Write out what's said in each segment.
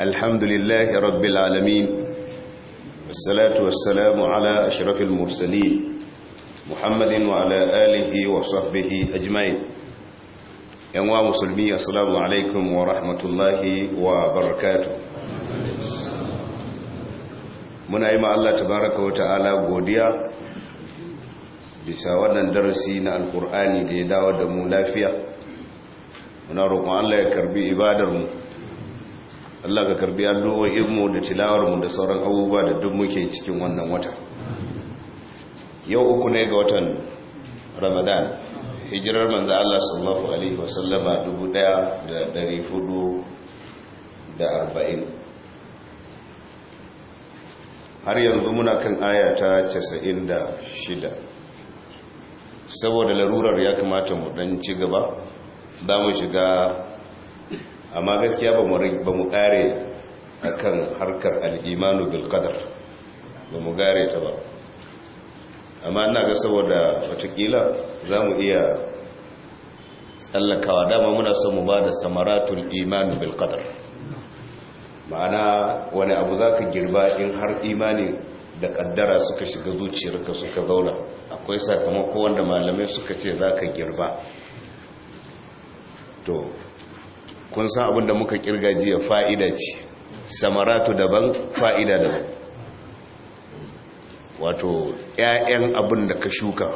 الحمد لله رب العالمين والصلاة والسلام على أشرف المرسلين محمد وعلى آله وصحبه أجمعين ينوى مسلمي السلام عليكم ورحمة الله وبركاته من أيما الله تبارك وتعالى قوديا bisa wannan darasi na alkur'ani da ya dawo da mu lafiya muna roƙon Allah ya karbi ibadarmu Allah ka karbi addu'o'inmu da tilawarmu da sauran abubuwa da duk muke cikin wannan wata yau uku ne ga watan Ramadan hijirar manzo Allah sallallahu alaihi wasallama 1440 har yanzu muna kan aya ta 96 saboda larurar ya kamata mu dan ci gaba za mu shiga amma gaskiya ba mu kare a kan harkar al'imanu bilkadar ba mu gare ta ba amma ina ga saboda watakila za mu iya tsallakawa dama muna son mu ba da samaratul imanu bilkadar ma'ana wani abu za ka girba in har imani da kaddara suka shiga zuciyarka suka zauna akwai sakamako wanda malamai suka ce za ka girba to kun san abin da muka kirga jiya fa'ida ce samaratu daban fa'ida daban wato 'ya'yan abin da ka shuka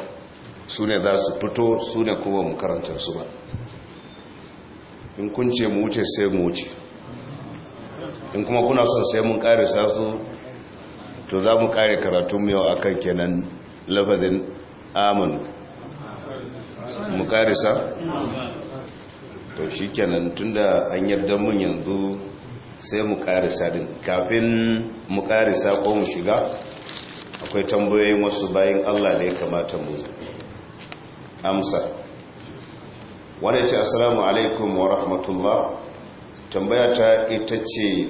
su ne za su fito su ne kuma mu karanta su ba in kun ce mu wuce sai mu wuce in kuma kuna son sai mun kare sasu to za mu kare karatun yau akan kenan lafazin Amin, mu karisa to shi kenan tunda an yarda mun yanzu sai mu karisa din kafin mu karisa ko mu shiga akwai tambayoyin wasu bayan allah da ya kamata mu amsa wanda ya ce assalamu alaikum wa rahmatullah tambaya ta ita ce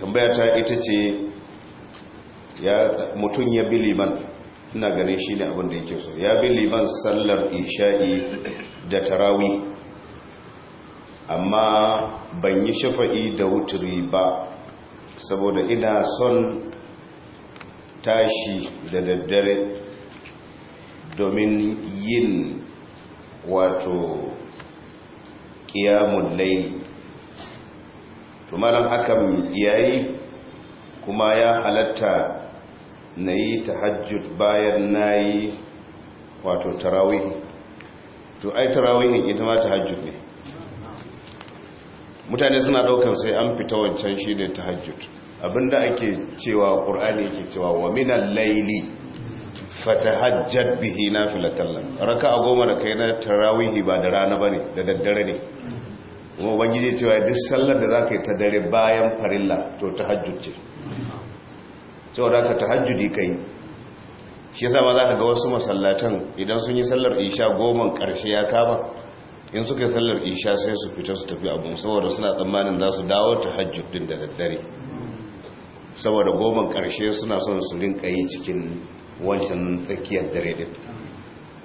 tambaya ta ita ce ya mutum ya bi liman ina ganin shi ne abinda yake so ya bi liman sallar isha'i da tarawi amma ban yi shafa'i da wuturi ba saboda ina son tashi da daddare domin yin wato ƙiyamun laili tumanin hakan yayi kuma ya halatta na yi tahajjud bayan na yi wato tarawihi to ai tarawihin ita ma tahajjud ne mutane suna daukan sai an fita wancan shi ne tahajjud abinda ake cewa ƙur'ani ke cewa wa minan laili fatahajjad bihi na nafilatan Raka a goma da kai na tarawihi ba da rana ba ne, da daddare ne kuma ubangiji cewa duk sallar da za ka yi ta dare bayan farilla to tahajjud ce saboda ka tahajjudi kai shi yasa ba za ka ga wasu masallatan idan sun yi sallar isha goma karshe ya kama in suka yi sallar isha sai su fita su tafi abu saboda suna tsammanin za su dawo tahajjudin da daddare saboda goma karshe suna son su rinka yi cikin wancan tsakiyar dare din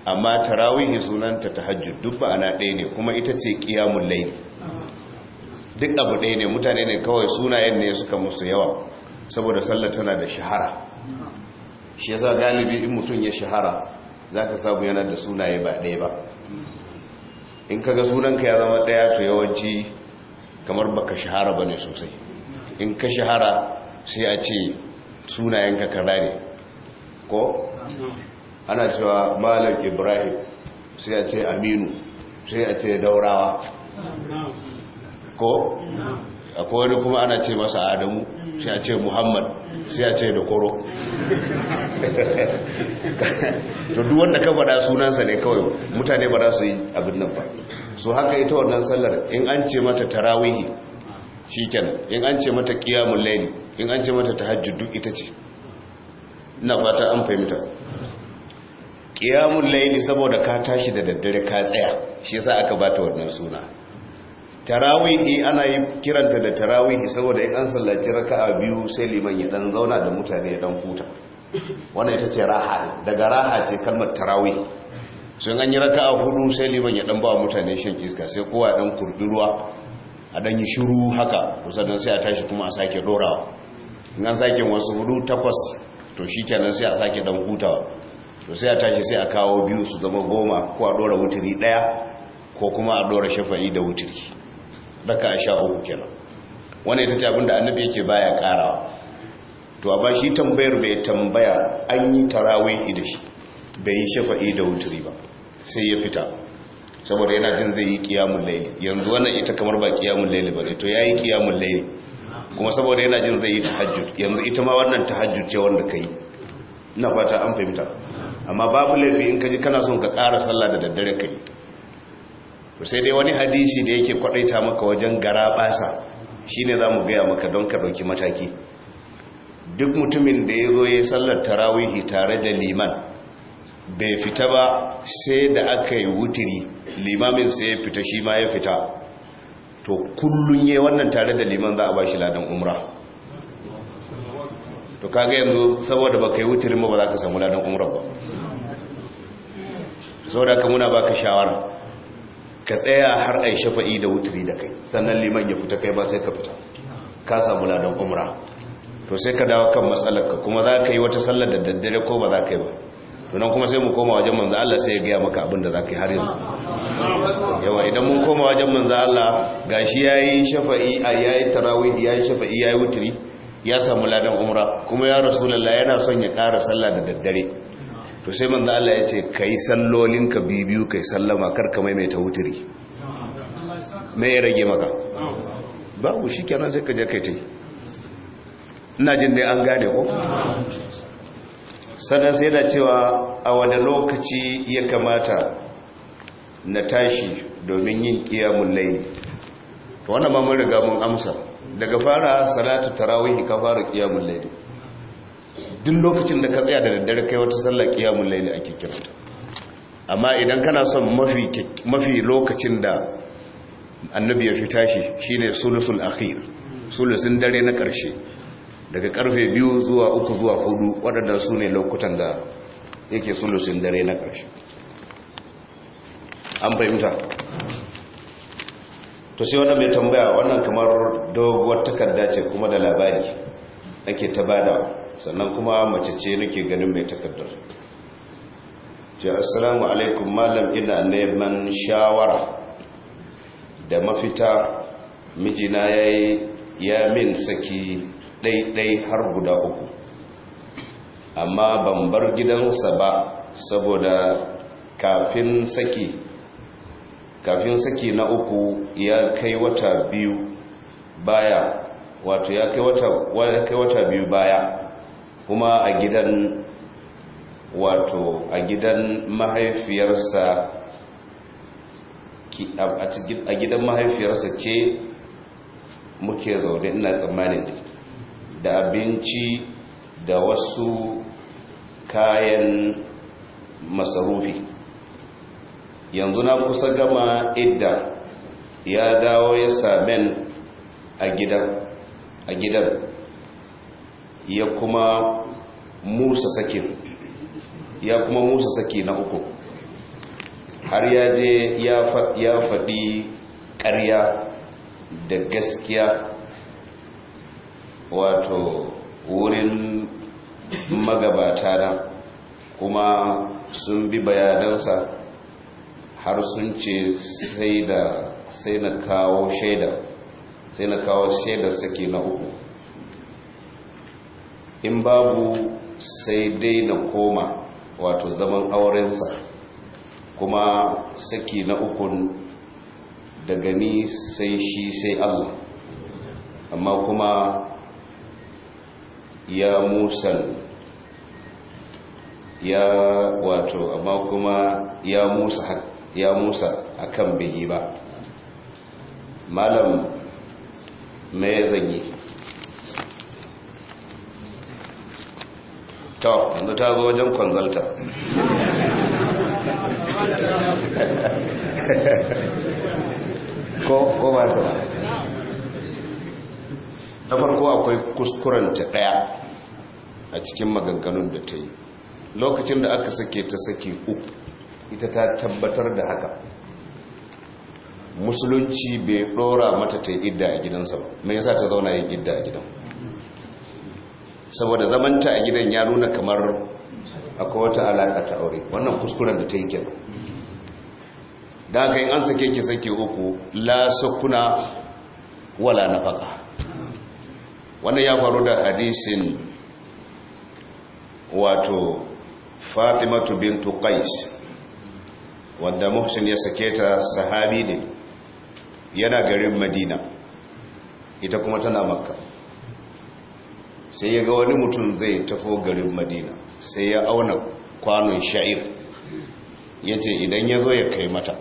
amma tarawihi ta tahajjud duk ba'ana ɗaya ne kuma ita ce qiyamul layl duk abu ɗaya ne mutane ne kawai sunayen ne suka musu yawa saboda sallar tana da shahara shi yasa galibi in mutum ya shahara zaka samu yana da sunaye ba ɗaya ba in ka ga sunanka ya zama ɗaya to yawanci kamar baka shahara bane sosai in ka shahara sai a ce sunayenka kaza ne ko ana cewa malam ibrahim sai a ce aminu sai a ce daurawa ko akwai wani kuma ana ce masa adamu sai a ce muhammad sai a ce da koro to duk wanda ka faɗa sunansa ne kawai mutane ba za su yi abin nan ba so haka ita wannan sallar in an ce mata tarawihi shikenan in an ce mata kiyamun laini in an ce mata hajji duk ita ce ina fata an fahimta kiyamun laini saboda ka tashi da daddare ka tsaya shi sa aka bata wannan suna tarawihi ana yi kiranta da tarawihi saboda in an sallaci a biyu sai liman ya dan zauna da mutane ya dan huta wannan ita ce raha daga raha ce kalmar tarawihi sun an yi raka a hudu sai liman ya dan ba mutane shan iska sai kowa dan kurduruwa a dan yi shiru haka kusa dan sai a tashi kuma a sake dorawa in an sake wasu hudu takwas to shi kenan sai a sake dan hutawa to sai a tashi sai a kawo biyu su zama goma ko a dora wuturi daya ko kuma a dora shafa'i da wuturi raka sha uku kenan wannan ita ce da annabi yake baya karawa to amma shi tambayar mai tambaya an yi tarawihi da shi bai yi shafa'i da wuturi ba sai ya fita saboda yana jin zai yi kiyamun laili yanzu wannan ita kamar ba kiyamun laili ba ne to ya yi kiyamun laili kuma saboda yana jin zai yi tahajjud yanzu ita ma wannan tahajjud ce wanda ka yi na fata an fahimta amma babu laifi in ka kana son ka ƙara sallah da daddare kai. sai dai wani hadisi da yake kwadaita maka wajen gara basa shine zamu gaya maka don ka dauki mataki duk mutumin da ya zo sallar tarawihi tare da liman bai fita ba sai da aka yi wutiri limamin sai ya fita shi ma ya fita to kullun wannan tare da liman za a ba shi ladan umra to kaga yanzu saboda baka yi wutirin ba ba za ka samu ladan umra ba saboda haka muna baka shawara ka tsaya har yi shafa'i da wuturi da kai sannan liman ya fita kai ba sai ka fita ka samu ladan umra to sai ka dawo kan matsalarka kuma za ka yi wata sallar da daddare ko ba za ka yi ba tunan kuma sai mu koma wajen manzo Allah sai ya gaya maka abin da za ka yi har yanzu yawa idan mun koma wajen manzo Allah gashi yayi shafa'i a yayi tarawih yayi shafa'i yayi wuturi ya samu ladan umra kuma ya rasulullah yana son ya ƙara sallah da daddare to sai manzo Allah ya ce kai sallolin ka bibiyu kai sallama kar ka maimaita wutiri me ya rage maka babu shikenan sai ka je kai tai ina jin dai an gane ko sannan sai da cewa a wani lokaci ya kamata na tashi domin yin kiyamun layi to wannan ma mun riga mun amsa daga fara salatu tarawih ka fara kiyamun layi duk lokacin da ka tsaya da daddare kai wata sallar kiyamun laili ake kiranta amma idan kana son mafi lokacin da annabi ya fi tashi shine sulusul akhir sulusin dare na karshe daga karfe biyu zuwa uku zuwa hudu waɗanda su ne lokutan da yake sulusin dare na karshe an fahimta to sai wannan mai tambaya wannan kamar doguwar takarda ce kuma da labari ake ta da. sannan kuma mace ce nake ganin mai takardar ce assalamu alaikum malam ina neman shawara da mafita mijina ya yi ya min saki ɗaiɗai har guda uku amma ban bar gidansa ba saboda kafin saki kafin saki na uku ya kai wata biyu baya wato ya kai wata biyu baya kuma a gidan wato a gidan mahaifiyarsa a gidan mahaifiyarsa ke muke zaune ina tsammanin da abinci da wasu kayan masarufi yanzu na kusa gama idda ya dawo ya samen a gidan ya kuma musa sakin ya kuma musa saki na uku har ya je ya faɗi ƙarya da gaskiya wato wurin magabata na kuma sun bi bayanansa har sun ce sai na kawo shaida sai na kawo shaidar saki na uku in babu sai dai na koma wato zaman aurensa kuma saki na ukun daga ni sai shi sai Allah amma kuma ya musal ya wato amma kuma ya musa ya musa akan bihi ba malam me zanyi to yanzu ta zo wajen kwanzalta ko ba ta ta farko akwai kuskuranta daya a cikin maganganun da ta yi lokacin da aka sake ta sake uku ita ta tabbatar da haka musulunci bai dora mata ta yi idda a gidansa ba me yasa ta zauna yin idda a gidan saboda zamanta a gidan ya nuna kamar akwai wata alaƙa ta aure wannan kuskuren da ta yi kenan da aka in an sake ki sake uku la sakuna wala na faka wannan ya faru da hadisin wato fatimatu bintu qais wanda muhsin ya sake ta sahabi ne yana garin madina ita kuma tana makka sai ya ga wani mutum zai tafo garin madina sai ya auna kwanon sha'ir ya ce idan ya zo ya kai mata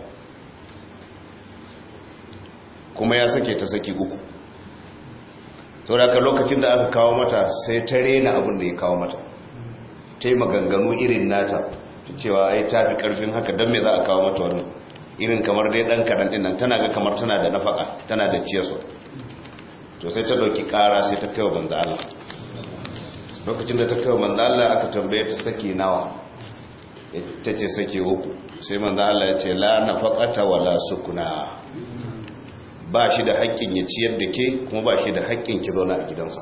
kuma ya sake ta saki uku sau da lokacin da aka kawo mata sai ta rena abun da ya kawo mata ta yi maganganu irin nata cewa ai ta fi karfin haka don me za a kawo mata wani irin kamar dai dan karan dinnan tana ga kamar tana da nafaka tana da ciyarsa to sai ta dauki kara sai ta kai wa banza Allah lokacin da ta kai manzo Allah aka tambaye ta saki nawa ta ce saki uku sai manzo Allah ya ce la nafaqata wala sukuna ba shi da haƙƙin ya ciyar da ke kuma ba shi da haƙƙin ki zauna a gidansa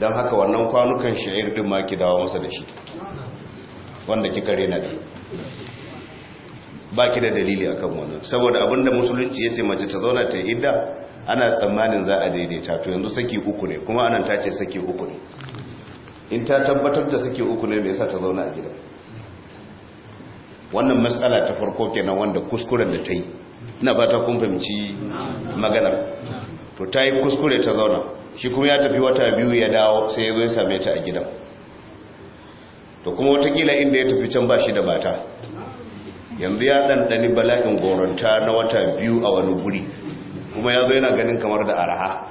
don haka wannan kwanukan sha'ir din ma ki dawo masa da shi wanda kika rena da ba ki da dalili akan wannan saboda abinda musulunci yace mace ta zauna ta idda ana tsammanin za a daidaita to yanzu saki uku ne kuma anan ta ce saki uku ne in ta tabbatar da saki uku ne me yasa ta zauna a gida wannan matsala ta farko kenan wanda kuskuren da ta yi ina ba ta kun fahimci maganar to ta yi kuskure ta zauna shi kuma ya tafi wata biyu ya dawo sai ya zo ya same ta a gidan to kuma watakila inda ya tafi can ba shi da mata yanzu ya ɗanɗani bala'in goronta na wata biyu a wani guri kuma ya zo yana ganin kamar da araha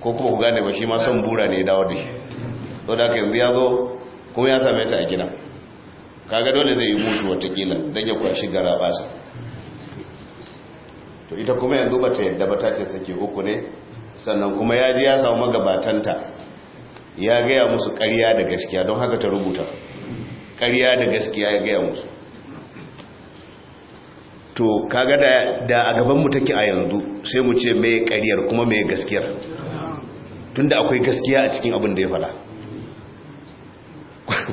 ko kuma ku gane ba shi ma son bura ne dawo da shi to da aka yanzu ya zo kuma ya same ta a gina kaga dole zai yi musu watakila don ya kwashi gara basa to ita kuma yanzu ba ta yadda ba ta ce sake uku ne sannan kuma ya ji ya samu ta ya gaya musu ƙarya da gaskiya don haka ta rubuta ƙarya da gaskiya ya gaya musu to kaga da da a gaban mu take a yanzu sai mu ce me ƙaryar kuma me gaskiyar tunda akwai gaskiya a cikin abin da ya fada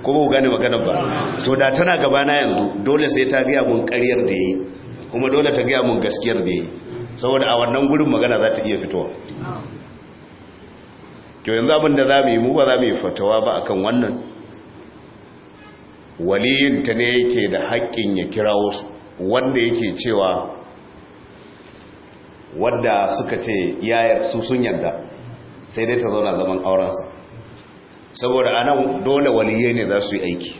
kuma ku gane magana ba so da tana gaba na yanzu dole sai ta gaya mun ƙaryar da yi kuma dole ta gaya mun gaskiyar da yi saboda a wannan gurin magana za ta iya fitowa to yanzu abin da za mu yi mu ba za mu yi fatawa ba akan wannan ta ne yake da haƙƙin ya kira wasu wanda yake cewa wadda suka ce yayar su sun yarda sai dai ta zauna zaman aurensa saboda anan dole waliye ne za su yi aiki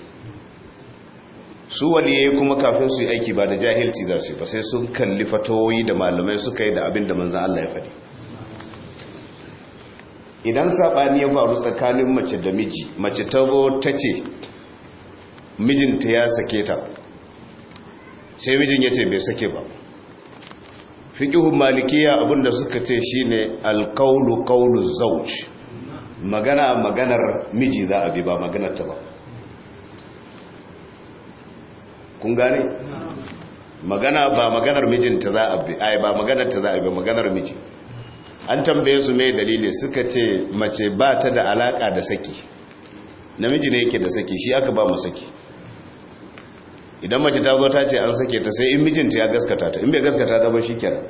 su waliye kuma kafin su yi aiki ba da jahilci za su yi ba sai sun kalli fatoyi da malamai suka yi da abin da manzan Allah ya faɗi idan saɓani ya faru tsakanin mace da miji mace ta zo ta ce mijinta ya sake ta sai mijin ya ce bai sake ba fiƙihun malikiya abinda suka ce shine alkaulu kaulu zauj magana maganar miji za a bi ba maganar ta ba kun gane magana ba maganar mijin ta za a bi ai ba maganar ta za a bi maganar miji an tambaye su mai dalili suka ce mace ba ta da alaka da saki namiji ne yake da saki shi aka ba mu saki idan mace ta zo ta ce an sake ta sai in mijinta ya gaskata ta in bai gaskata ta ba shikenan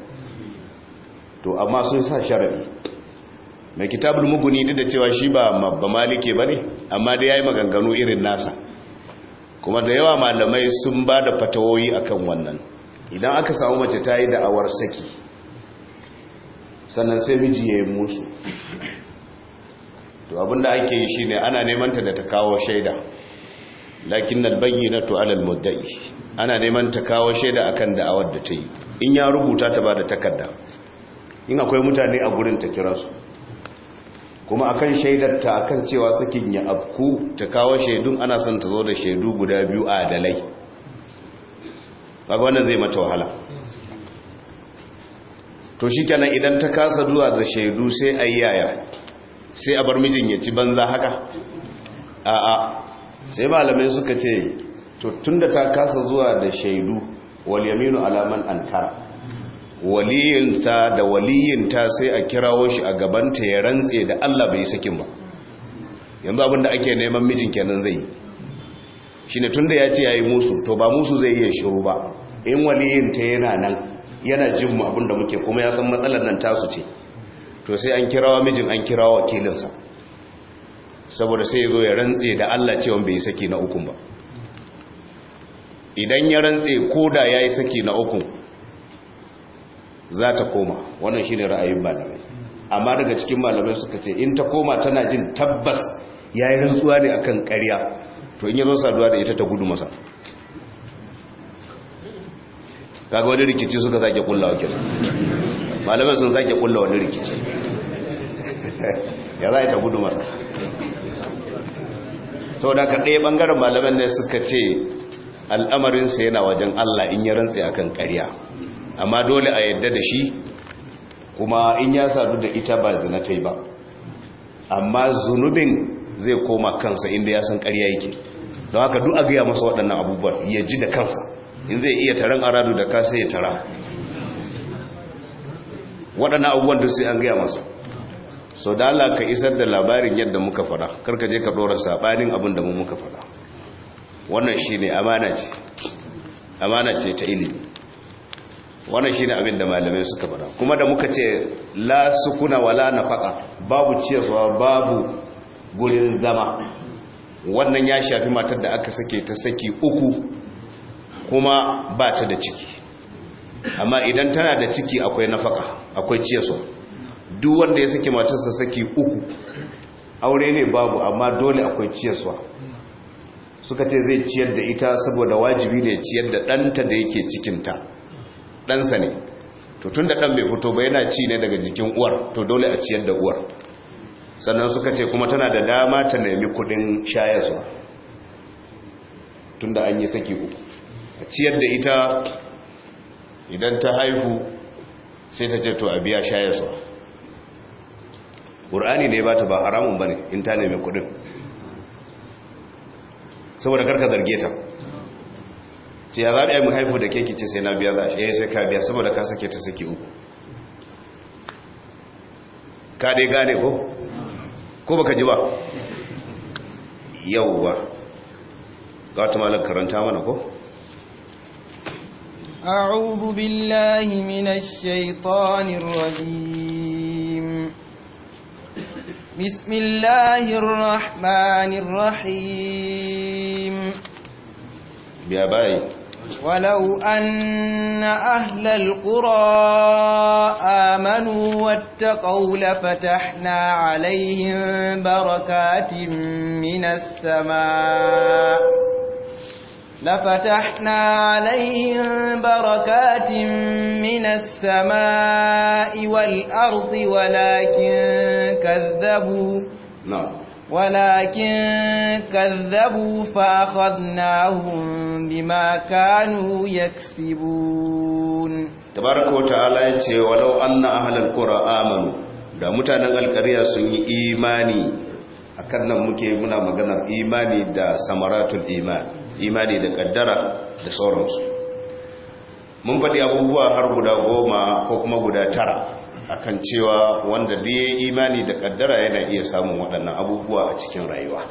to amma sun sa sharadi mai kitabul muguni duk da cewa shi ba ba malike ba ne amma da ya yi maganganu irin nasa kuma da yawa malamai sun ba da fatawoyi akan wannan idan aka samu mace ta yi da'awar saki sannan sai miji ya yi musu to abinda ake yi shine ana neman ta da ta kawo shaida lakin na albayyinatu alal mudda'i ana neman ta kawo shaida akan da'awar da ta yi in ya rubuta ta ba da takarda in akwai mutane a gurin ta kira su kuma akan shaidar ta akan cewa sakin ya afku ta kawo shaidun ana son ta zo da shaidu guda biyu a adalai kaga wannan zai mata wahala to shi shikenan idan ta kasa zuwa da shaidu sai yaya sai a bar mijin ya ci banza haka a'a sai malamai suka ce to tunda ta kasa zuwa da shaidu wal yaminu alaman ankara waliyinta da ta sai a kirawo shi a gaban ta ya rantse da Allah bai sakin ba yanzu abinda ake neman mijin kenan zai yi shine tunda ya ce yayi musu to ba musu zai iya shiru ba in waliyinta yana nan yana jin mu abinda muke kuma ya san matsalar nan tasu ce to sai an kirawa mijin an kirawa wakilinsa saboda sai ya zo ya rantse da Allah cewa bai saki na ukun ba idan ya rantse ko da ya yi saki na ukun za ta koma wannan shi ne ra'ayin malamai amma daga cikin malamai suka ce in ta koma tana jin tabbas ya yi rantsuwa ne akan karya to in yazo zo saduwa da ita ta gudu masa kaga wani rikici suka zake kulla wa kenan malamai sun zake kulla wani rikici ya za ta gudu masa sau da ka ɗaya ɓangaren malaman ne suka ce al'amarinsa yana wajen Allah in ya rantse akan ƙarya amma dole a yadda da shi kuma in ya sadu da ita ba zina ta yi ba amma zunubin zai koma kansa inda ya san ƙarya yake don haka duk a gaya masa waɗannan abubuwan ya ji da kansa in zai iya taron aradu da kasa ya tara waɗannan abubuwan duk sai an gaya masa so da Allah ka isar da labarin yadda muka fada karka je ka dora sabanin abin da mu muka fada wannan shine amana ce amana ce ta ilimi wannan shine abin da malamai suka fada kuma da muka ce la sukuna wala nafaqa babu ciyarwa babu gurin zama wannan ya shafi matar da aka sake ta saki uku kuma ba ta da ciki amma idan tana da ciki akwai nafaka akwai ciyarwa duk wanda ya saki matarsa saki uku aure ne babu amma dole akwai ciyaswa suka ce zai ciyar da ita saboda wajibi ne ciyar da ɗanta da yake cikinta ɗansa ne to tun da ɗan bai fito ba yana ci ne daga jikin uwar to dole a ciyar da uwar sannan suka ce kuma tana da dama ta nemi kudin shayaswa tun da an yi saki uku a ciyar da ita idan ta haifu sai ta ce to a biya shayarwa ƙur'ani da ya bata ba haramun ba ne in ta mai kudin saboda karka zarge ta ce ya zaɓi mu haifu da keke ce sai na biya za a shi eh, sai ka biya saboda ka sake ta sake uku ka dai gane ko ko baka ji ba Yau ba ga wata malar karanta mana ko أعوذ بالله من الشيطان الرجيم بسم الله الرحمن الرحيم يا باي ولو أن أهل القرى آمنوا واتقوا لفتحنا عليهم بركات من السماء لفتحنا عليهم بركات من السماء والأرض ولكن كذبوا نعم ولكن كذبوا فأخذناهم بما كانوا يكسبون تبارك وتعالى يتي ولو أن أهل القرى آمنوا da mutanen alkariya sun yi imani akan nan muke muna maganar imani da samaratul imani imani da kaddara da sauransu mun faɗi abubuwa har guda goma ko kuma guda tara akan cewa wanda biye imani da kaddara yana iya samun waɗannan abubuwa a cikin rayuwa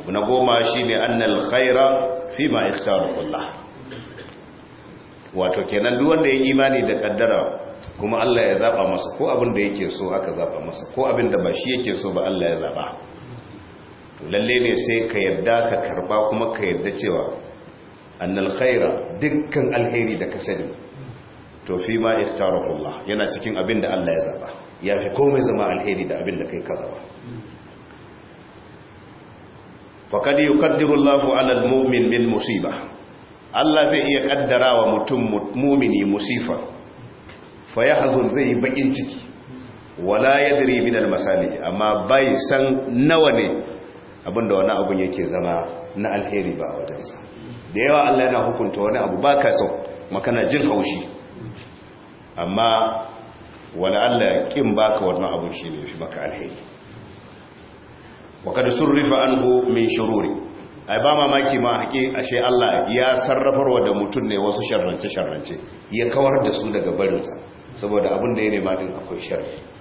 abu na goma shi ne annal khaira fi ma ikhtarullah wato kenan duk wanda ya imani da kaddara kuma Allah ya zaba masa ko abin da yake so aka zaba masa ko abin da ba shi yake so ba Allah ya zaba Lallai lalle ne sai ka yarda ka karba kuma ka yarda cewa annal khaira dukkan alheri da ka sani to fi ma ikhtarahullah yana cikin abin da Allah ya zaba ya fi komai zama alheri da abin da kai ka zaba faqad yuqaddiru Allahu 'ala al-mu'min min musiba Allah zai iya kaddara wa mutum mumini musifa fa yahzun zai bakin ciki wala yadri min al-masali amma bai san nawa ne abinda wani abun yake zama na alheri ba wajensa da yawa Allah yana hukunta wani abu ba ka sau makana jin haushi amma wani Allah kin baka wani abun shi ne fi baka alheri wakada surrifa anhu min shururi ai ba mamaki ma haƙi ashe Allah ya sarrafarwa da mutum ne wasu sharrance-sharrance ya kawar da su daga barinsa saboda abin da ya nema din akwai sharri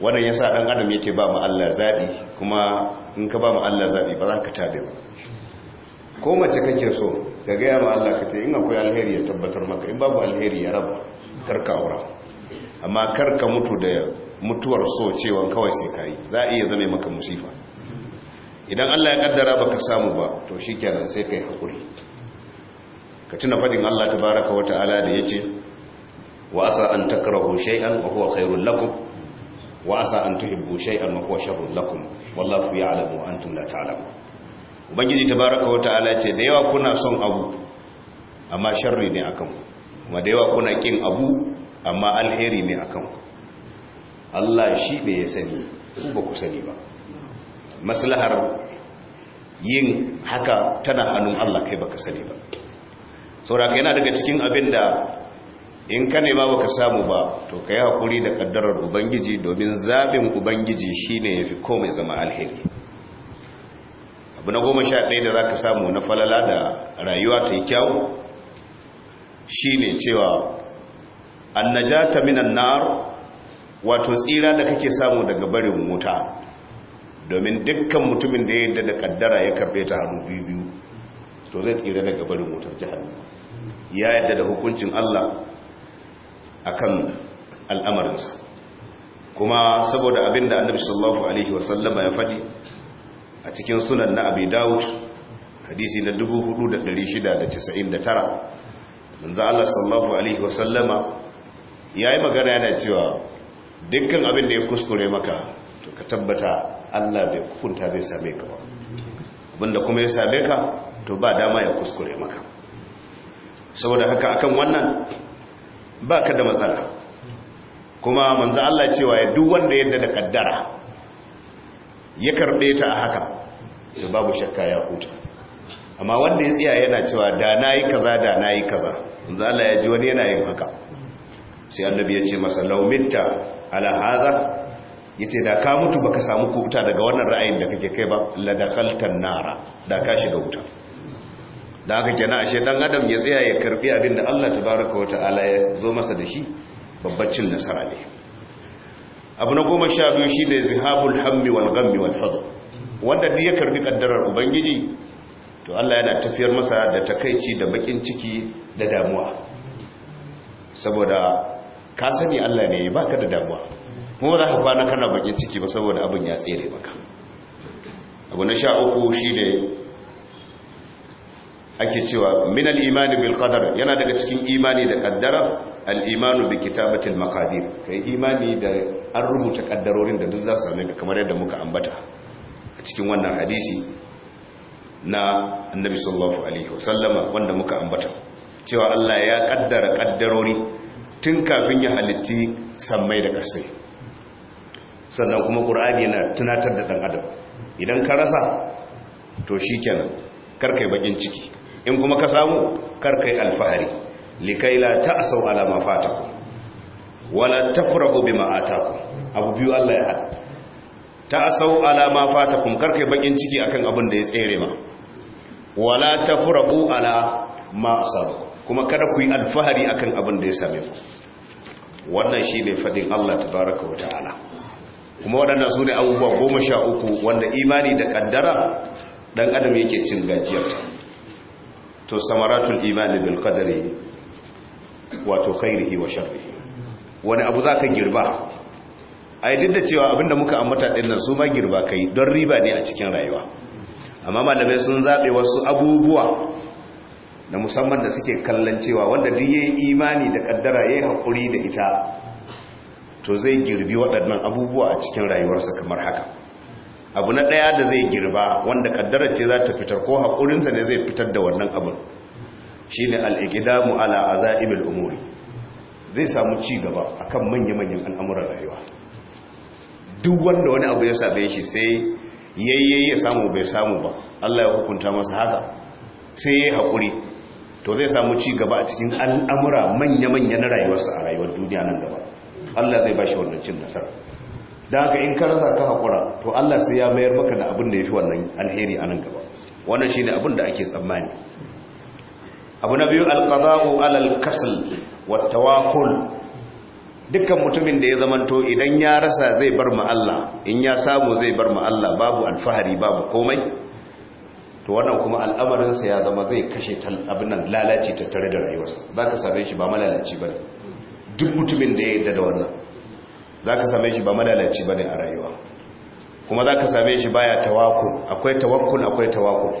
wannan yasa sa adam yake ba mu Allah zaɓi kuma in ka ba mu Allah zaɓi ba za ka tabi ba ko mace kake so ka gaya ma Allah ka ce in akwai alheri ya tabbatar maka in babu alheri ya raba karka aura amma kar ka mutu da mutuwar so cewa kawai sai kai za a iya zame maka musifa idan Allah ya kaddara baka samu ba to shikenan sai kai hakuri ka tuna faɗin Allah ta baraka wa ta'ala da yace wa asa an takrahu shay'an wa huwa khairul lakum wa asa an tuhibbu shay'an wa huwa ya lakum wallahu ya'lamu wa antum la ta'lamun ubangiji tabaraka wa ta'ala ce da yawa kuna son abu amma sharri ne akan ku kuma da yawa kuna kin abu amma alheri ne akan ku Allah shi ne ya sani ku ba ku sani ba maslahar yin haka tana hannun Allah kai baka sani ba sauraka yana daga cikin abin da in ka nema ka samu ba to ka yi haƙuri da ƙaddarar ubangiji domin zabin ubangiji shi ne ya fi komai zama alheri abu na goma sha ɗaya da za ka samu na falala da rayuwa ta yi kyau shi ne cewa annaja ta minan wato tsira da kake samu daga barin wuta domin dukkan mutumin da ya yadda da ƙaddara ya karɓe ta hannu biyu biyu to zai tsira daga barin wutar jihar ya yadda da hukuncin allah akan al'amarinsa kuma saboda abin da annabi sallallahu alaihi wasallama ya faɗi a cikin sunan na abi dawud hadisi na 4699 manzo Allah sallallahu alaihi wasallama yayi magana yana cewa dukkan abin da ya kuskure maka to ka tabbata Allah bai hukunta zai same ka ba abinda kuma ya same ka to ba dama ya kuskure maka saboda haka akan wannan ba ka da matsala kuma manzan Allah cewa duk wanda yadda da kaddara ya karbe ta a haka su babu shakka ya huta amma wanda ya tsaya yana cewa da na yi kaza da na yi kaza manzan Allah ya ji wani yana yin haka sai annabi ya ce masa lauminta ala haza ce da ka mutu ba ka samu kuta daga wannan ra'ayin da kake kai ba ladakaltar nara da ka shiga wuta da haka kenan ashe dan adam ya tsaya ya karbi abin da Allah tabaraka wata'ala ya zo masa da shi babbar cin nasara ne abu na goma sha biyu shi zihabul hammi wal ghammi wal huzn wanda duk ya karbi kaddarar ubangiji to Allah yana tafiyar masa da takaici da bakin ciki da damuwa saboda ka sani Allah ne baka da damuwa ba za ka kwana kana bakin ciki ba saboda abun ya tsere maka abu na sha uku shi ake cewa min al-imani bil qadar yana daga cikin imani da kaddara al-imanu bi kitabati al-maqadir kai imani da an rubuta kaddarorin da duk za su same kamar yadda muka ambata a cikin wannan hadisi na annabi sallallahu alaihi wasallama wanda muka ambata cewa Allah ya kaddara kaddarori tun kafin ya halitti sammai da ƙasai sannan kuma ƙur'ani yana tunatar da ɗan adam idan ka rasa to shikenan karkai bakin ciki in kuma ka samu karkai alfahari likaila ta asau alama ku wala tafrahu bima ataku abu biyu Allah ya hada ta asau alama ku karkai bakin ciki akan abin da ya tsere ma wala tafrahu ala ma asabakum kuma kada ku yi alfahari akan abin da ya same ku wannan shi ne fadin Allah tabaraka wa ta'ala kuma waɗannan su ne abubuwa goma sha uku wanda imani da kaddara dan adam yake cin gajiyarta to samaratul imani bil qadari wato khairihi wa sharrihi wani abu zaka girba ai duk da cewa abinda muka ammata din nan su ma girba kai don riba ne a cikin rayuwa amma malamai sun zabe wasu abubuwa na musamman da suke kallon cewa wanda duk yayi imani da kaddara yayi hakuri da ita to zai girbi waɗannan abubuwa a cikin rayuwarsa kamar haka abu na ɗaya da zai girba wanda kaddara ce za ta fitar ko haƙurinsa ne zai fitar da wannan abin shi ne al'ikidamu ala a za'ibil umuri zai samu ci gaba a kan manya-manyan al'amuran rayuwa duk wanda wani abu ya sabe shi sai yayye ya samu bai samu ba allah ya hukunta masa haka sai ya yi haƙuri to zai samu ci gaba a cikin al'amura manya-manya na rayuwarsa a rayuwar duniya nan gaba allah zai ba shi wannan cin nasara da haka in ka rasa ka haƙura to Allah sai ya mayar maka da abin da ya fi wannan alheri a nan gaba wannan shi ne abin da ake tsammani abu na biyu alƙaza'u alal kasal wata wakul dukkan mutumin da ya zamanto idan ya rasa zai bar ma'alla Allah in ya samu zai bar ma Allah babu alfahari babu komai to wannan kuma al'amarinsa ya zama zai kashe abin nan lalaci tattare da rayuwarsa za ka same shi ba malalaci ba duk mutumin da ya yi da wannan za ka same shi ba malalaci ba ne a rayuwa kuma za ka same shi baya tawakul akwai tawakul akwai tawakul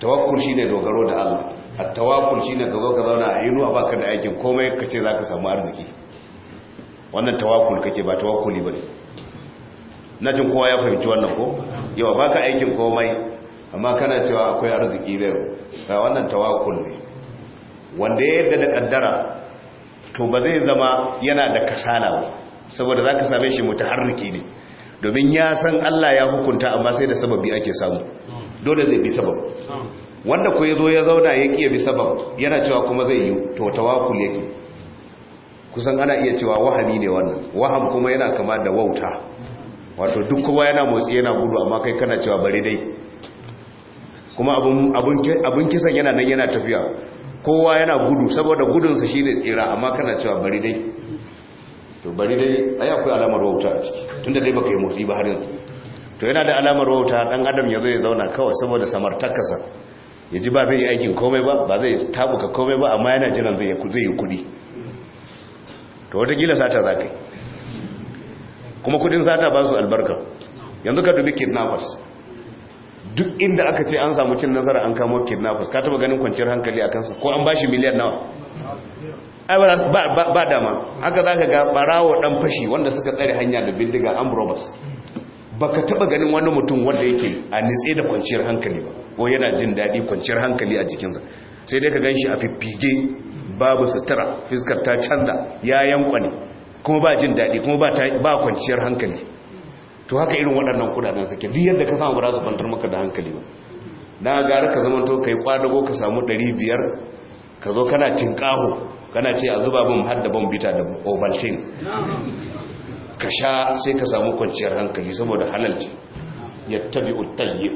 tawakul shi ne dogaro da allah a tawakul shi ne ka zo ka zauna a inuwa baka da aikin komai ka ce za ka samu arziki wannan tawakul kake ba tawakuli ba ne na jin kowa ya fahimci wannan ko yawa ka aikin komai amma kana cewa akwai arziki zai ba. ga wannan tawakul ne wanda ya yarda da kaddara to ba zai zama yana da kasala ba saboda za ka same shi mutaharriki ne domin ya san Allah ya hukunta amma sai da sababi ake samu dole zai bi sabab wanda ku ya zo ya zauna ya ƙiya bi sabab yana cewa kuma zai yi to tawakul yake kusan ana iya cewa wahami ne wannan waham kuma yana kama da wauta wato duk kowa yana motsi yana gudu amma kai kana cewa bari dai kuma abun kisan yana nan yana tafiya kowa yana gudu saboda gudunsa shi ne tsira amma kana cewa bari dai to bari dai ai akwai alamar wauta a ciki tunda dai baka yi motsi ba har yanzu to yana da alamar wauta dan adam ya zo ya zauna kawai saboda samartakasa ya ji ba zai yi aikin komai ba ba zai tabuka komai ba amma yana jiran zai yi kudi to watakila sata za ka yi kuma kudin sata ba su albarka yanzu ka dubi kidnappers duk inda aka ce an samu cin nasara an kamo kidnappers ka taba ganin kwanciyar hankali a kansa ko an ba shi miliyan nawa ba dama haka za ka ga barawo dan fashi wanda suka tsare hanya da bindiga ambrobus ba ka taba ganin wani mutum wanda yake a nitse da kwanciyar hankali ba ko yana jin daɗi kwanciyar hankali a jikinsa sai dai ka gan shi a fiffige babu sutura fiskar ta canza ya yankwa ne kuma ba jin daɗi kuma ba kwanciyar hankali to haka irin waɗannan kudaden suke duk yadda ka samu ba za maka da hankali ba na gara ka zama to kai kwadago ka samu 500 ka zo kana tinkaho kana ce a zuba bin har da bita da obaltin ka sha sai ka samu kwanciyar hankali saboda halalci ya tabi utayi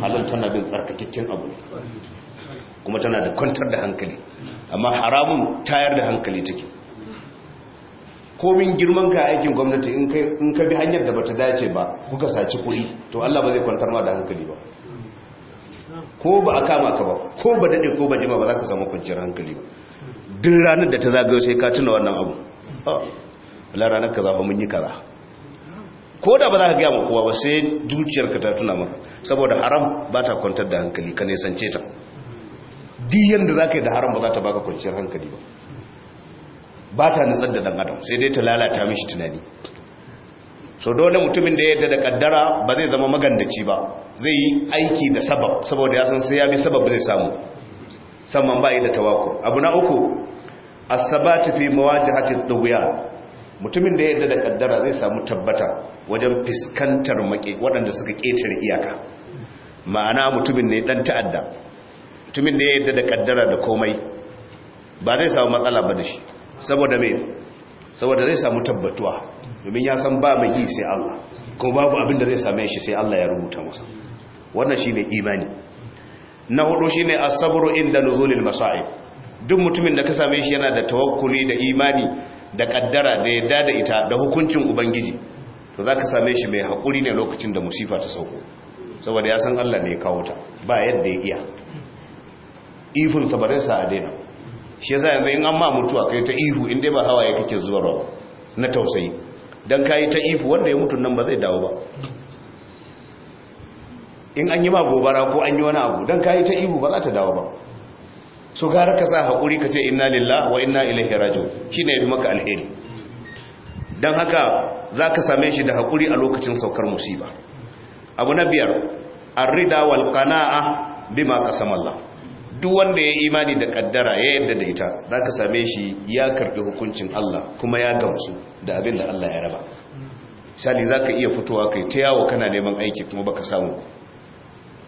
halal tana bin tsarkakakken abu kuma tana da kwantar da hankali amma haramun tayar da hankali take komin girman ka aikin gwamnati in ka bi hanyar da bata dace ba kuka saci kuɗi to Allah ba zai kwantar ma da hankali ba ko ba a kama ka ba ko ba daɗe ko ba jima ba za ka samu kwanciyar hankali ba duk ranar da ta zagayo sai ka tuna wannan abu oh, la ranar kaza ba mun yi kaza ko da ba za ka gaya ma ba sai ka ta tuna maka saboda haram ba ta kwantar da hankali ka nesance ta diyan da za ka yi da haram ba za ta baka kwanciyar hankali ba ba ta nutsar da dan adam sai dai ta lalata mishi tunani so dole mutumin da ya yadda da kaddara ba zai zama magandaci ba zai yi aiki da sabab saboda ya san sai ya bi sabab zai samu sannan ba yi da tawako abu na uku asabati fi mawajihati at mutumin da yadda da kaddara zai samu tabbata wajen fiskantar maƙe waɗanda suka ƙetare iyaka ma'ana mutumin ne dan ta'adda mutumin da yadda da kaddara da komai ba zai samu matsala ba da shi saboda me saboda zai samu tabbatuwa domin ya san ba mai yi sai Allah ko babu abin da zai same shi sai Allah ya rubuta masa wannan shine imani na hudu shine as-sabru inda nuzulil masa'ib duk mutumin da ka same shi yana da tawakkuli da imani da kaddara da yadda da ita da hukuncin ubangiji to za ka same shi mai haƙuri ne lokacin da musifa ta sauko saboda ya san allah ne ya kawo ta ba yadda ya iya ifin tabarinsa a daina shi yasa yanzu in an ma mutuwa kai ta ihu inda ba hawaye kake zuwa ba na tausayi don yi ta ihu wanda ya mutu nan ba zai dawo ba in an yi ma gobara ko an yi wani abu don yi ta ihu ba za ta dawo ba Su gara ka sa haƙuri ka ce inna lillah wa inna ilaihi raji'un shi ne maka alheri Don haka za ka same shi da haƙuri a lokacin saukar musiba abu na biyar arrida wal qana'a bima qasama Allah duk wanda ya imani da kaddara ya yadda da ita za ka same shi ya karbi hukuncin Allah kuma ya gamsu da abin da Allah ya raba misali ka iya fitowa kai ta yawo kana neman aiki kuma baka samu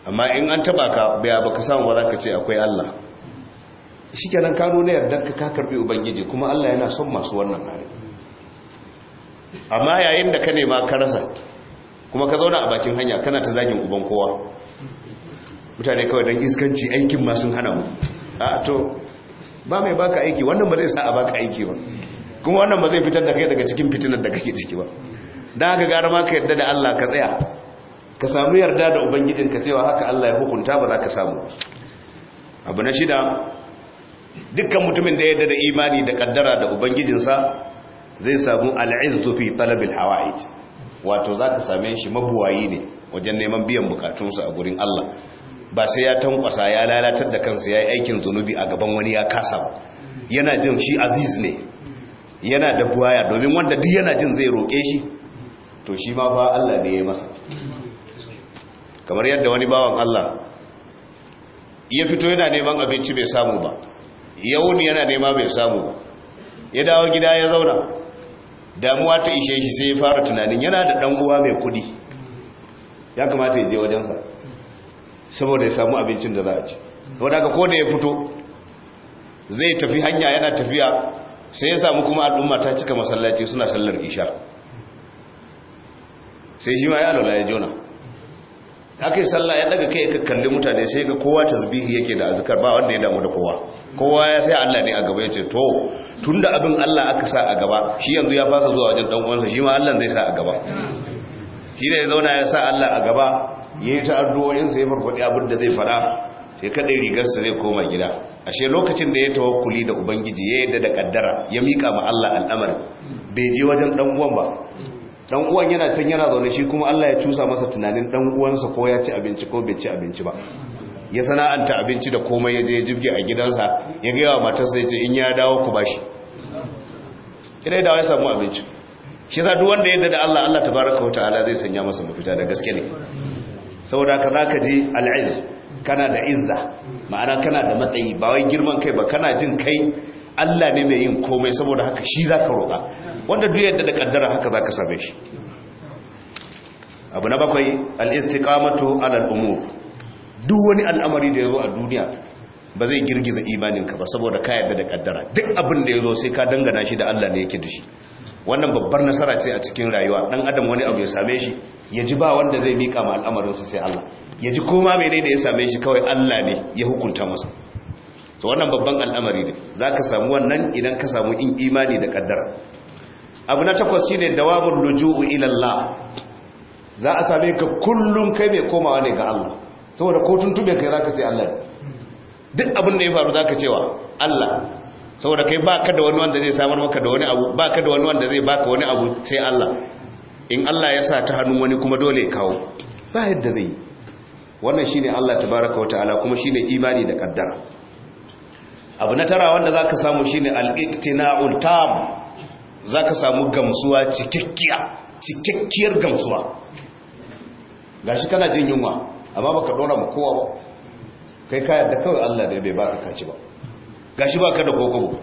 amma in an taba ka baya baka samu ba zaka ce akwai Allah kenan ka nuna yardar ka ka karbi ubangiji kuma Allah yana son masu wannan hali amma yayin da ka nema ka rasa kuma ka zauna a bakin hanya kana ta zagin uban kowa mutane kawai don iskanci aikin ma sun hana mu a to ba mai baka aiki wannan ba zai sa a baka aiki ba kuma wannan ba zai fitar da kai daga cikin fitinar da kake ciki ba don haka gara ma ka yarda da Allah ka tsaya ka samu yarda da ubangijin ka cewa haka Allah ya hukunta ba za ka samu abu na shida dukkan mutumin da yadda da imani da kaddara da ubangijinsa zai samu al'izzu fi talabil hawa'ij wato zaka same shi mabuwayi ne wajen neman biyan bukatunsa a gurin Allah ba sai ya tankwasa ya lalatar da kansa ya yi aikin zunubi a gaban wani ya kasa ba yana jin shi aziz ne yana da buwaya domin wanda duk yana jin zai roƙe shi to shi ma ba Allah ne ya masa kamar yadda wani bawan Allah ya fito yana neman abinci bai samu ba ya yana nema bai samu ya dawo gida ya zauna damuwa ta ishe shi sai ya fara tunanin yana da dan mai kudi ya kamata ya je wajensa saboda ya samu abincin da za a ci wadda ka kodaya ya fito zai tafi hanya yana tafiya sai ya samu kuma al'umma ta cika masallaci suna sallar isha sai shi ma ya lola ya jona haka yi sallah ya daga kai ya kalli mutane sai ga kowa tasbihi yake da azikar ba wanda ya damu da kowa kowa ya sai Allah ne a gaba ya ce to tunda abin Allah aka sa a gaba shi yanzu ya fasa zuwa wajen ɗan'uwansa shi ma Allah zai sa a gaba shi da ya zauna ya sa Allah a gaba ya yi ta addu'o'insa ya farfaɗi abin da zai fara sai kaɗai rigarsa zai koma gida ashe lokacin da ya tawakkuli da ubangiji ya yadda da kaddara ya miƙa ma Allah al'amari bai je wajen ɗan'uwan ba dan uwan yana can yana zaune shi kuma Allah ya cusa masa tunanin dan uwansa ko ya ci abinci ko bai ci abinci ba ya sana'anta abinci da komai ya je jibge a gidansa ya gaya wa matarsa ya ce in ya dawo ku bashi kira da wai samu abinci shi za duk wanda yadda da Allah Allah tabaraka wa ta'ala zai sanya masa mafita da gaske ne saboda ka zaka ji al'iz kana da izza ma'ana kana da matsayi ba wai girman kai ba kana jin kai Allah ne mai yin komai saboda haka shi zaka roƙa wanda duk yadda da kaddara haka zaka same shi abu na bakwai al-istiqamatu ala al-umur duk wani al'amari da ya zo a duniya ba zai girgiza imaninka ba saboda ka yadda da kaddara duk abin da ya zo sai ka dangana shi da Allah ne yake da shi wannan babbar nasara ce a cikin rayuwa dan adam wani abu ya same shi ya ji ba wanda zai mika ma al'amarin sa sai Allah ya ji koma mene da ya same shi kawai Allah ne ya hukunta masa to wannan babban al'amari ne zaka ka samu wannan idan ka samu in imani da kaddara abu na takwas shine dawabul luju'u ila ilallah za a same ka kullum kai mai komawa ne ga Allah saboda ko tuntube kai ka ce Allah duk abin da ya faru za ka cewa Allah saboda kai baka da wani wanda zai samar maka da wani abu baka da wani wanda zai baka wani abu sai Allah in Allah ya sa ta hannun wani kuma dole ya kawo ba yadda zai wannan shine Allah tabaraka wa ta'ala kuma shine imani da kaddara abu na tara wanda zaka samu shine al-iqtina'ul tam zaka samu gamsuwa cikakkiya cikakkiyar gamsuwa gashi kana jin yunwa amma baka dora ma kowa ba kai ka yadda kawai Allah ne bai baka kaci ba gashi baka da kokobo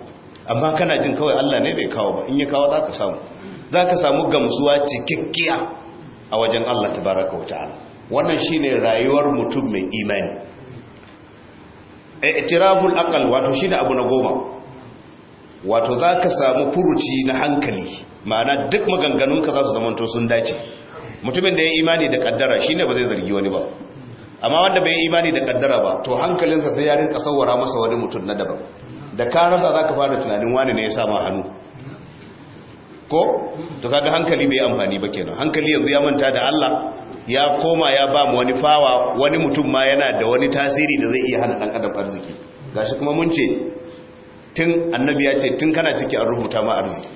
amma kana jin kawai Allah ne bai kawo ba in ya kawo zaka samu zaka samu gamsuwa cikakkiya a wajen Allah tabaraka wa ta'ala wannan shine rayuwar mutum mai imani i'tiraful aqal wato shine abu na goma wato zaka samu furuci na hankali ma'ana duk maganganunka za su zamanto sun dace mutumin da ya imani da kaddara shine ba zai zargi wani ba amma wanda bai imani da kaddara ba to hankalinsa sai ya rinka sawara masa wani mutum na daban da karasa za ka fara tunanin wani ne ya sa ma hannu ko to kaga hankali bai amfani ba kenan hankali yanzu ya manta da Allah ya koma ya ba mu wani fawa wani mutum ma yana da wani tasiri da zai iya hana dan adam arziki gashi kuma mun ce tun annabi ya ce tun kana ciki an rubuta ma arziki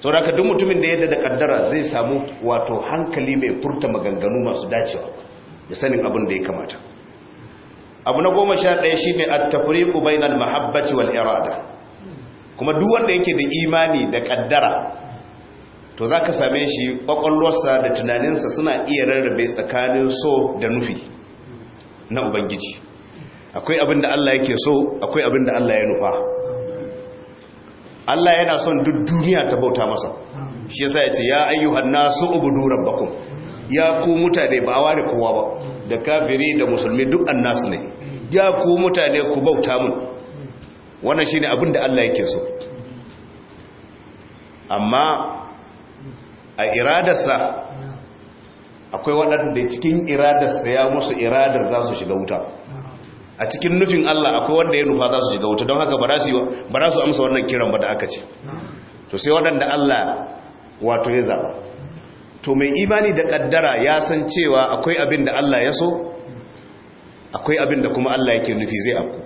saboda duk mutumin da ya da kaddara zai samu wato hankali mai furta maganganu masu dacewa da sanin abin da ya kamata abu na goma sha ɗaya shi ne a bai bainal mahabbaci wal irada kuma duk wanda yake da imani da ƙaddara to za ka same shi ƙwaƙwalwarsa da tunaninsa suna iya rarrabe tsakanin so da nufi na ubangiji akwai abin da allah yake so akwai abin da allah ya nufa allah yana son duk duniya ta bauta masa shi yasa ya ce ya ayyuhan nasu ubudu rabbakum ya ku mutane ba a ware kowa ba da kafiri da musulmi duk annas ne ya ku mutane ku bauta mun wannan shine abin da Allah yake so amma a iradarsa akwai waɗanda cikin iradarsa ya musu iradar za su shiga wuta a cikin nufin Allah akwai wanda ya nufa za su shiga wuta don haka ba za su amsa wannan kiran ba da aka ce to sai waɗanda Allah wato ya zaɓa to mai imani da kaddara ya san cewa akwai abin da Allah ya so akwai abin da kuma Allah yake nufi zai afku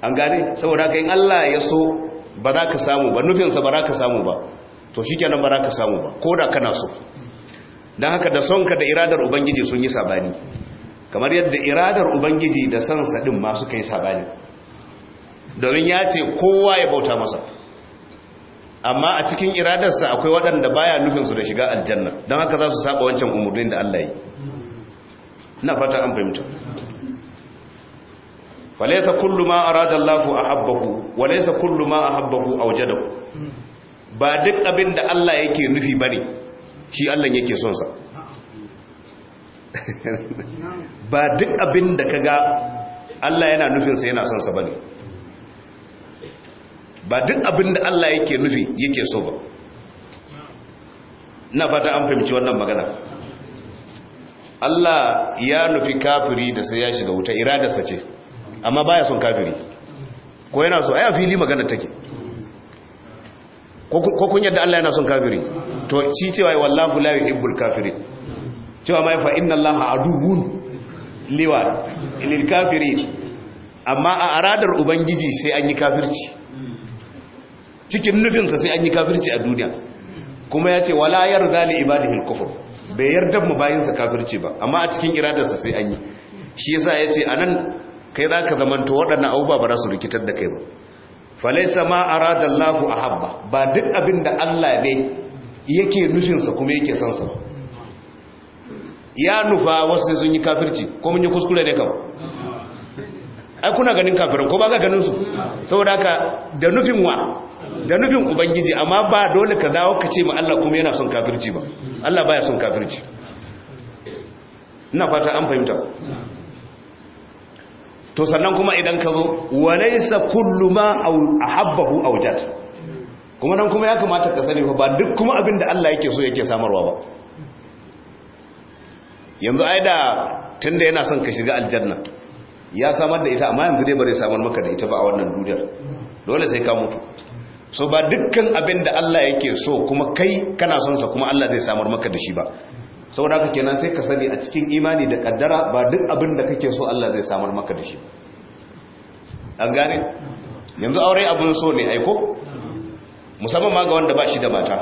an gane saboda haka in Allah ya so ba za ka samu ba nufinsa ba za ka samu ba to shi kenan ba za ka samu ba ko da kana so don haka da sonka da iradar ubangiji sun yi sabani kamar yadda iradar ubangiji da sansa din ma suka yi sabani domin ya ce kowa ya bauta masa amma a cikin iradarsa akwai waɗanda baya nufinsu da shiga aljanna don haka za su saba wancan umarnin da Allah yi na fata an fahimta walaisa kullu ma arada Allahu ahabbahu walaisa kullu ma ahabbahu awjadahu ba duk abin da Allah yake nufi bane shi Allah yake son sa ba duk abin da kaga Allah yana nufin sa yana son sa bane ba duk abin da Allah yake nufi yake so ba na fata an fahimci wannan magana Allah ya nufi kafiri da sai ya shiga wuta iradarsa ce amma baya son kafiri ko yana so aya a fili magana take ko kun yadda Allah yana son kafiri to ci cewa wallahu la yuhibbul kafirin cewa mai fa inna allaha aduwwun liwa lil kafirin amma a aradar ubangiji sai an yi kafirci cikin nufinsa sai an yi kafirci a duniya kuma ya ce wala yarda li ibadihi bai yarda mu bayinsa kafirci ba amma a cikin iradarsa sai an yi shi yasa ya ce a nan kai za ka zamanto waɗannan abubuwa ba za su rikitar da kai ba falaisa ma arada a ahabba ba duk abin da Allah ne yake nufinsa kuma yake son sa ya nufa wasu sun yi kafirci ko mun yi kuskure ne kawai ai kuna ganin kafirin ko ba ka ganin su saboda haka da nufin wa da nufin ubangiji amma ba dole ka dawo ka ce ma Allah kuma yana son kafirci ba Allah baya son kafirci ina fata an fahimta to sannan kuma idan ka zo walaysa kullu ma ahabbahu awjad kuma nan kuma ya kamata ka sani ba duk kuma abin da Allah yake so yake samarwa ba yanzu ai da tunda yana son ka shiga aljanna ya samar da ita amma yanzu dai bare samar maka da ita ba a wannan duniyar dole sai ka mutu so ba dukkan abin da Allah yake so kuma kai kana son sa kuma Allah zai samar maka da shi ba saboda haka kenan sai ka sani a cikin imani da kaddara ba duk abin da kake so Allah zai samar maka da shi an gane yanzu aure abun so ne aiko musamman ma ga wanda ba shi da mata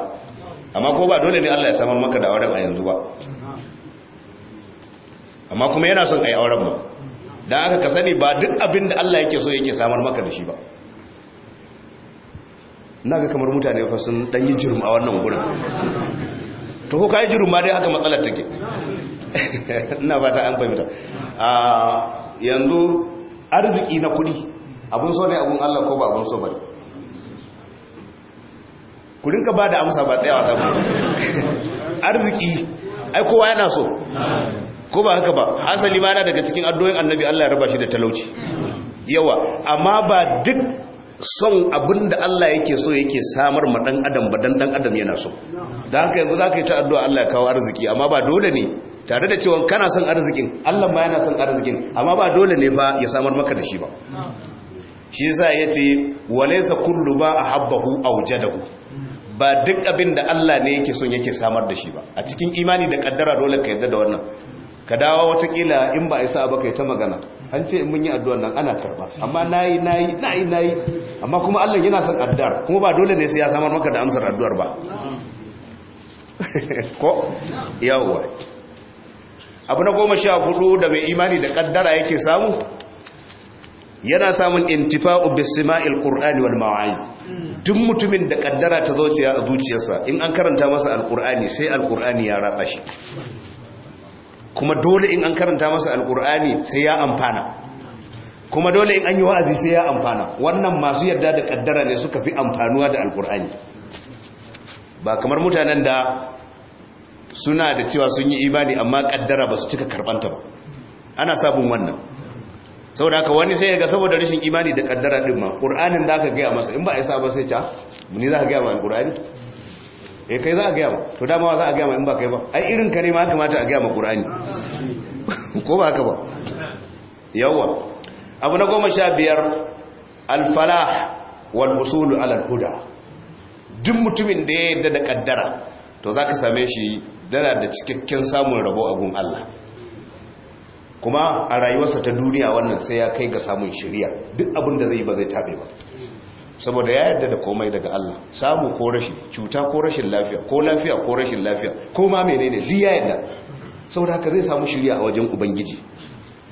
amma ko ba dole ne Allah ya samar maka da auren a yanzu ba amma kuma yana son ai auren ba dan haka ka sani ba duk abin da Allah yake so yake samar maka da shi ba na ga kamar mutane fa sun dan yi jirum a wannan gurin to ko kai jirum ma dai haka matsalar take ina fata an fahimta a yanzu arziki na kudi abun so ne abun Allah ko ba abun so bane ku rinka ba da amsa ba tsayawa ta arziki ai kowa yana so ko ba haka ba asali ma yana daga cikin addu'o'in annabi Allah ya raba shi da talauci yawa amma ba duk son abin da Allah yake so yake samar ma dan adam ba dan dan adam yana so da haka yanzu zaka yi ta addu'a Allah ya kawo arziki amma ba dole ne tare da cewa kana son arzikin Allah ma yana son arzikin amma ba dole ne ba ya samar maka da shi ba shi yasa ce walaysa kullu ba a ahabbahu awjadahu ba duk abin da Allah ne yake son yake samar da shi ba a cikin imani da kaddara dole ka yarda da wannan ka dawo watakila in ba a isa ba kai ta magana an ce in mun yi addu'an nan ana karɓa amma nayi nayi nayi nayi amma kuma Allah yana son addu'ar kuma ba dole ne sai ya samar maka da amsar addu'ar ba ko yawwa abu na goma sha hudu da mai imani da kaddara yake samu yana samun intifa'u il-kur'ani wal mawa'iz duk mutumin da kaddara ta zuciya a zuciyarsa in an karanta masa Al-Ƙur'ani sai Al-Ƙur'ani ya ratsa shi kuma dole in an karanta masa alkur'ani sai ya amfana kuma dole in an yi wa'azi sai ya amfana wannan masu yarda da kaddara ne suka fi amfanuwa da alkur'ani ba kamar mutanen da suna da cewa sun yi imani amma kaddara ba su cika karbanta ba ana sabon wannan sau da aka wani sai ga saboda rashin imani da kaddara din ma ƙur'anin da aka gaya masa in ba a yi sabon sai ca muni ah, za ka gaya ma alƙur'ani E, kai za a gaya ma to dama za a gaya ma in ba kai ba ai irin ka ne ma kamata a gaya ma qur'ani ko ba haka ba yawa abu na goma sha biyar alfalah wal usulu ala huda duk mutumin da ya yarda da kaddara to zaka same shi dana da cikakken samun rabo a Allah kuma a rayuwarsa ta duniya wannan sai ya kai ga samun shiriya duk abin da zai ba zai tabe ba saboda ya yarda da komai daga Allah samu ko rashin cuta ko rashin lafiya ko lafiya ko rashin lafiya ko ma menene zai ya yarda saboda haka zai samu shirya a wajen ubangiji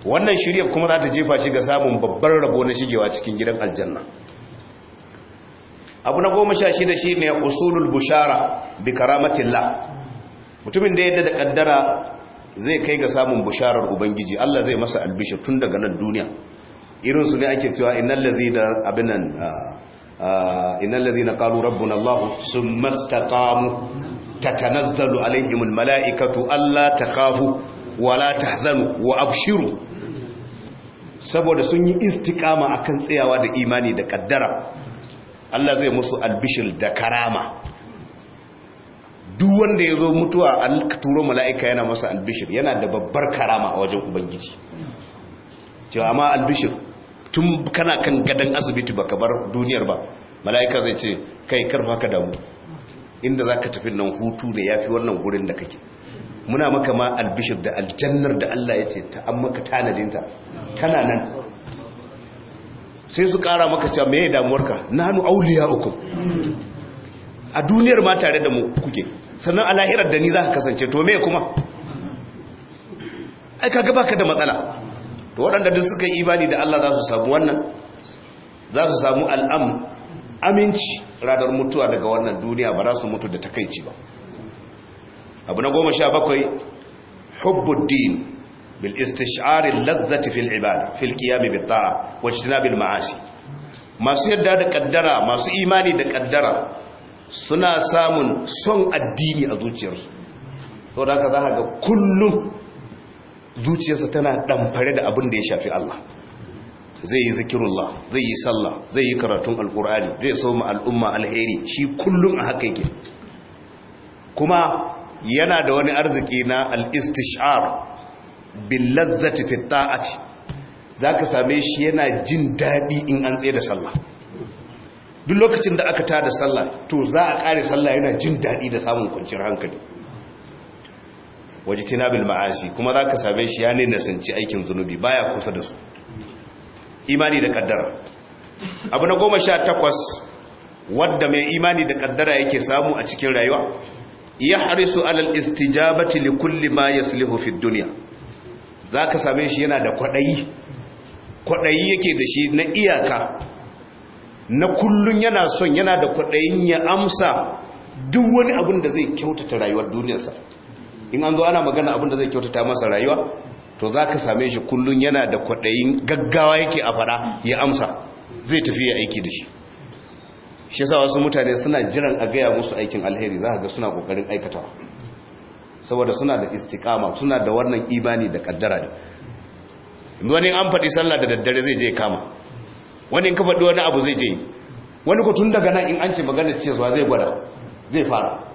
wannan shirya kuma za ta jefa shi ga samun babbar rabo na shigewa cikin gidan aljanna abu na goma sha shida shi ne usulul bushara bi karamatillah mutumin da yadda da kaddara zai kai ga samun busharar ubangiji Allah zai masa albishir tun daga nan duniya irinsu ne ake cewa innal ladzina abinan ah, innal ladhina qalu rabbuna allah ta istaqamu alaihimul mala'ikatu almalaikatu alla takhafu wala tahzanu wa abshiru saboda sun yi a kan tsayawa da imani da kaddara Allah zai musu albishir da karama duk wanda ya zo mutuwa an turo mala'ika yana masa albishir yana da babbar karama a wajen ubangiji cewa amma albishir tun kana kan gadon asibiti ba ka bar duniyar ba mala'ika zai ce kai karfa ka damu inda za ka tafi nan hutu ne ya fi wannan wurin da kake muna maka ma albishir da aljannar da Allah ya ce ta an maka tanadinta tana nan sai su kara maka cewa me ya damuwarka nanu auliya uku a duniyar ma tare da mu kuke sannan a da ni za ka kasance to me kuma ai ka gaba ka da matsala to waɗanda duk suka yi imani da Allah za su samu wannan za su samu al'am aminci ranar mutuwa daga wannan duniya ba za su mutu da takaici ba abu na goma sha bakwai hubbuddin bil istisharin lazzati fil ibada fil kiyami bil ta'a bil ma'ashi masu yadda da kaddara masu imani da kaddara suna samun son addini a zuciyarsu to da za ga kullum zuciyarsa tana ɗanfare da abin da ya shafi Allah zai yi zikirullah zai yi sallah zai yi karatun alkur'ani zai so ma al'umma alheri shi kullum a haka yake kuma yana da wani arziki na al-istishar bil lazzati fi ta'ati zaka same shi yana jin daɗi in an tsaye da sallah duk lokacin da aka tada sallah to za a kare sallah yana jin daɗi da samun kwanciyar hankali waje tinabil ma'asi kuma za ka same shi ya ne nasanci aikin zunubi baya kusa da su imani da kaddara abu na goma sha takwas wadda mai imani da kaddara yake samu a cikin rayuwa ya harisu alal istijabati li kulli ma yaslihu fid dunya zaka same shi yana da kwaɗayi. Kwaɗayi yake da shi na iyaka na kullun yana son yana da kwaɗayin ya amsa duk wani abin da zai kyautata rayuwar duniyarsa in an zo ana magana abin da zai kyautata masa rayuwa to za ka same shi kullum yana da kwaɗayin gaggawa yake a faɗa ya amsa zai tafi ya aiki da shi shi sa wasu mutane suna jiran a gaya musu aikin alheri za ga suna kokarin aikata saboda suna da istikama, suna da wannan imani da ƙaddara da wani an faɗi sallah da daddare zai je kama wani ka faɗi wani abu zai je wani ku daga nan in an ce magana cewa zai gwada zai fara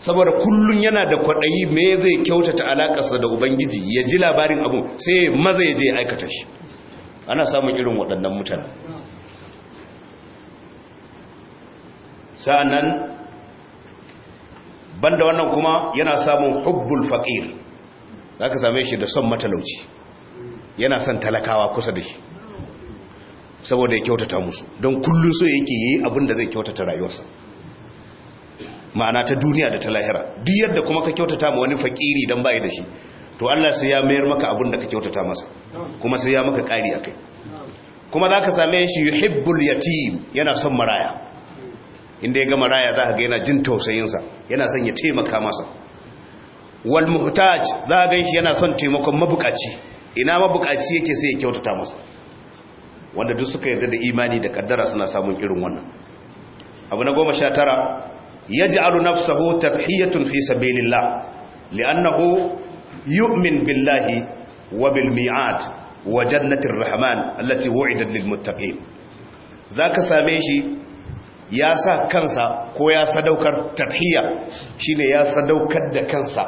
saboda kullun yana da kwaɗayi me zai kyautata alaƙarsa da ubangiji ya ji labarin abu sai maza ya je ya aikata shi ana samun irin waɗannan mutane sa'annan banda wannan kuma yana samun hubbul za ka same shi da son matalauci yana son talakawa kusa da shi saboda ya kyautata musu don kullun so yake yi abin da zai kyautata rayuwarsa ma'ana ta duniya da ta lahira duk yadda kuma ka kyautata ma wani fakiri dan bai da shi to Allah sai ya mayar maka abun da ka kyautata masa kuma sai ya maka kari akai kuma zaka same shi yuhibbul yatim yana son maraya inda ya ga maraya za ka ga yana jin tausayinsa yana son ya taimaka masa wal muhtaj za ga gan shi yana son taimakon mabukaci ina mabukaci yake sai ya kyautata masa wanda duk suka yarda da imani da kaddara suna samun irin wannan abu na goma sha tara yaj'alu nafsahu tadhiyatun fi sabilillah li'annahu yu'min billahi wa bil mi'ad wa jannatir rahman allati wu'idat lil muttaqin zaka same shi ya sa kansa ko ya sadaukar tadhiya shine ya sadaukar da kansa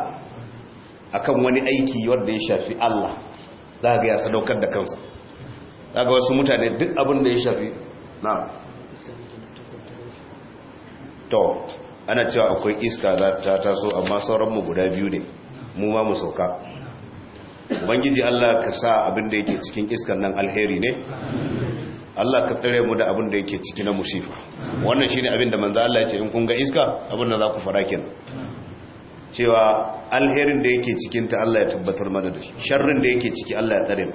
akan wani aiki wanda ya shafi Allah zaka ya sadaukar da kansa zaka wasu mutane duk abin da ya shafi na'am to ana cewa akwai iska za ta taso amma sauranmu guda biyu ne mu ma mu sauka ubangiji Allah ka sa abin da yake cikin iskan nan alheri ne Allah ka tsare mu da abin da yake ciki na musifa wannan shine abin da manzo Allah ya ce in kun ga iska abin da za ku fara kenan cewa alherin da yake cikin ta Allah ya tabbatar mana da shi sharrin da yake ciki Allah ya tsare mu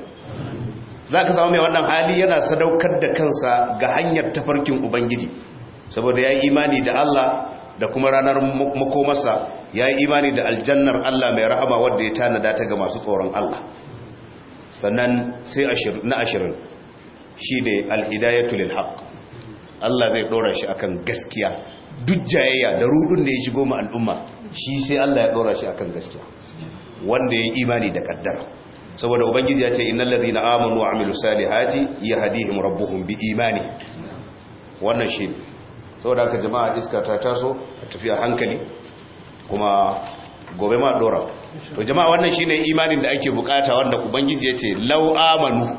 ka samu mai wannan hali yana sadaukar da kansa ga hanyar tafarkin ubangiji saboda ya yi imani da Allah da kuma ranar makomarsa ya yi imani da aljannar Allah mai rahama wadda ya tanada ta ga masu tsoron Allah sannan sai na ashirin shi ne alhidayatul haq Allah zai ɗora shi akan gaskiya duk jayayya da rudun da ya shigo ma al'umma shi sai Allah ya ɗora shi akan gaskiya wanda ya yi imani da kaddara saboda ubangiji ya ce innal ladhina amanu wa amilus salihati yahdihim rabbuhum bi imani wannan shi saboda aka jama'a iska ta taso a tafiya hankali kuma gobe ma dora to jama'a wannan shine imanin da ake bukata wanda ubangiji ce law amanu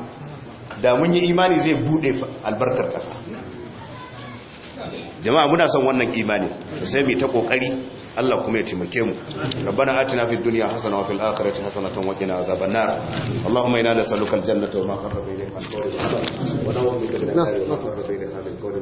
da mun yi imani zai bude albarkar kasa jama'a muna son wannan imani sai mu ta kokari Allah kuma ya taimake mu rabbana atina fid dunya hasana wa fil akhirati hasanatan wa qina azaban nar allahumma inna nas'aluka al jannata wa ma qarraba ilayha al qawlin wa na'udhu bika min al-nar